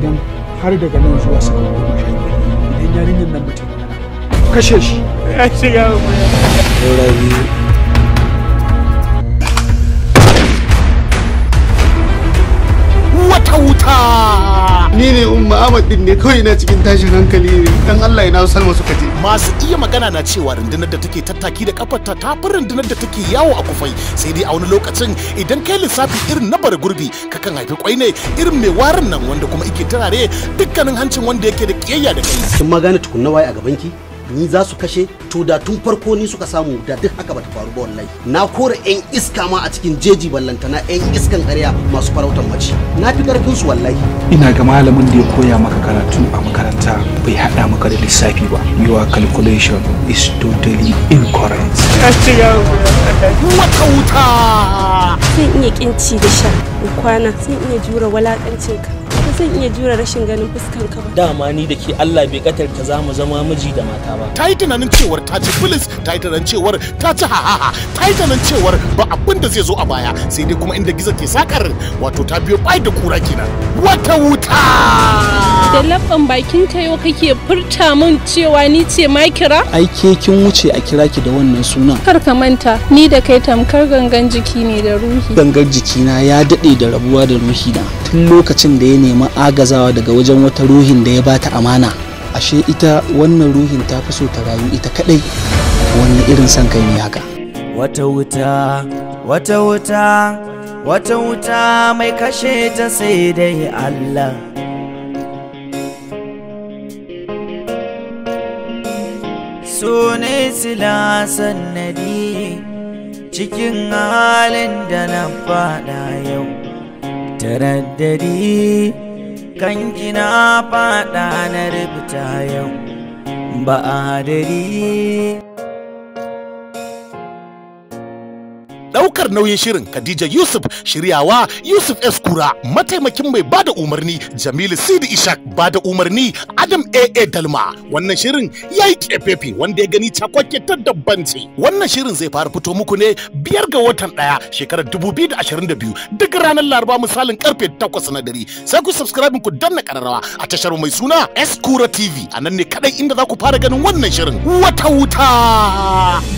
gidan har daga nan zuwa sakan goma sha idan yarinyar nan mutum kashe shi ya shiga ni ne umma ahmad din ne kawai ina cikin tashin hankali ne dan Allah ya salma suka kaje masu iya magana na cewa rundunar da take tattaki da kafarta ta fi rundunar da take yawo a kufai sai dai a wani lokacin idan kai lissafi irin na bar gurbi kakan haifi kwai ne irin mai warin nan wanda kuma ike tarare dukkanin hancin wanda yake da kiyayya da kai kin ma gane tukunna waye a gaban ki ni za su kashe to da tun farko ni suka samu da duk haka ba ta faru ba wallahi na kora yan iska ma a cikin jeji ballantana yan iskan ƙarya masu farautar mace na fi ƙarfin su wallahi ina ga malamin da ya koya maka karatu a makaranta bai hada maka da lissafi ba your calculation is totally incorrect maka wuta zan iya kinci da sha in kwana zan iya jura walakancinka ka zan iya jure rashin ganin fuskan ka ba dama ni da ke Allah bai katarta za mu zama miji da mata ba ta yi tunanin cewar ta ci filis, ta yi tunanin cewar ta ci hahaha ta yi tunanin cewar ba abin da zai zo a baya sai dai kuma inda gizo ke sakar wato ta biyo bai da kura kenan wata wuta da labban bakin ka yau kake furta mun cewa ni ce ma kira ai ke kin wuce a kira ki da wannan sunan kar ka manta ni da kai tamkar gangan jiki ne da ruhi jiki na ya dade da rabuwa da ruhi na tun lokacin da ya nemi agazawa daga wajen wata ruhin da ya bata amana ashe ita wannan ruhin ta fi so ta rayu ita kadai wani irin son kai ne haka wata wuta wata wuta wata wuta mai kashe ta sai dai Allah so ne sila sannadi cikin halin da na fada yau taraddadi kan gina fada na rubuta yau ba dari Daukar nauyin shirin Khadija Yusuf shiryawa Yusuf S Kura mataimakin mai bada umarni Jamilu Sidi Ishak bada umarni Adam AA Dalma wannan shirin yayi kefefe wanda ya gani cakwake ta dabban wannan shirin zai fara fito muku ne biyar ga watan ɗaya shekarar 2022 duk ranar Laraba misalin karfe 8 na dare sai ku subscribe ku danna kararrawa a tashar mai suna S Kura TV a nan ne kadai inda za ku fara ganin wannan shirin wata wuta.